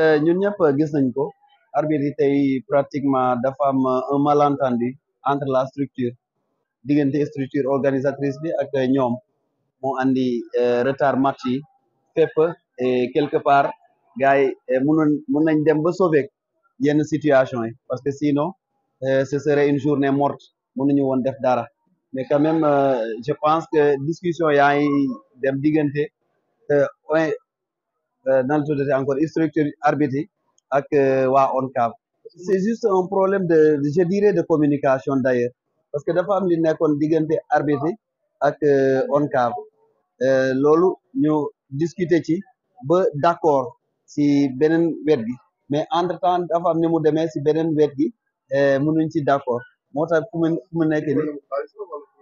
Euh, ñun ñëpp gis nañ ko arbitre yi tey pratiquement dafa am euh, un malentendu entre la structure diggante structure organisatrice bi ak ñoom moo andi euh, retard match yi fépp quelque part gars yi mënoon mën nañ dem ba sauver yenn situation yi parce que sinon ce serait une journée morte mënuñu woon def dara mais quand je pense que discussion yaa ngi dem diggante Euh, nan la tuddati encore structure arbitre ak euh, waa ONCAV c'est juste un problème de je de communication d'ailleurs parce que dafa am li nekkoon diggante arbitre ak euh, ONCAV loolu ñu discuter ci ba d'accord si beneen wet gi mais entre temps dafa am ni mu demee si beneen wet gi mënuñ ci d'accord moo tax fu mu fu nekk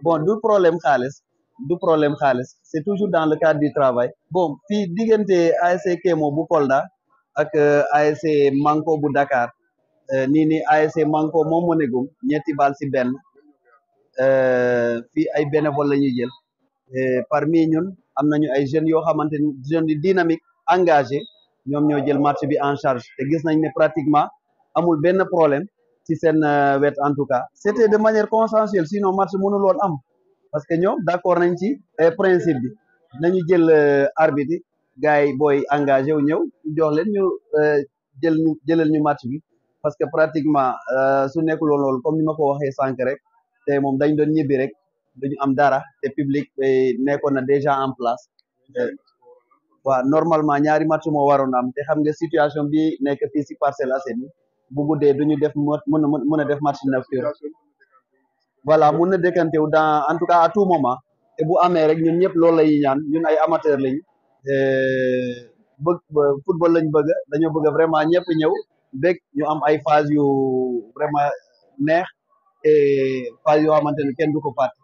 bon du problème xaalis du problème xaalis c'est toujours dans le cadre du travail bon fii diggante ASC Kémo bu Kolda ak euh, ASC Manko bu Dakar euh, nii ni ASC Manko moom moo negum ñetti bal si benn euh, fii ay bénévole la ñuy jël parmi ñun am nañu ay jeunes yoo xamante ni jeunes yu dynamique engagé ñoom ñoo jël match bi en charge te gis nañ ne pratiquement amul benn problème ci seen wet en tout cas c'était de manière consensuelle sinon match mënuloon am parce que ñoom d'accord nañ ci eh, principe bi nañu jël eh, arbitre gars yi booy engagé wu ñëw jox leen ñu eh, jël ñu jëlal ñu match bi parce que pratiquement su nekk woon loolu comme ni ma ko waxee sànq rek te moom dañ doon ñibbi rek duñu am dara te public nekkoon na déjà en place waaw normalement ñaari match moo waroon am te xam nga situation bi nekk fii si Parcelles Assainies bu du duñu def mën a mën a def match nocturne voilà mun na dëkkante wu dans en tout cas à tout moment te bu amee rek ñun ñëpp loolu la ñuy ñun ay amateur lañ bëgg football lañ bëgg dañoo bëgg vraiment ñëpp ñëw bég ñu am ay phase yu vraiment neex et phase yoo xamante ne kenn du ko fàtte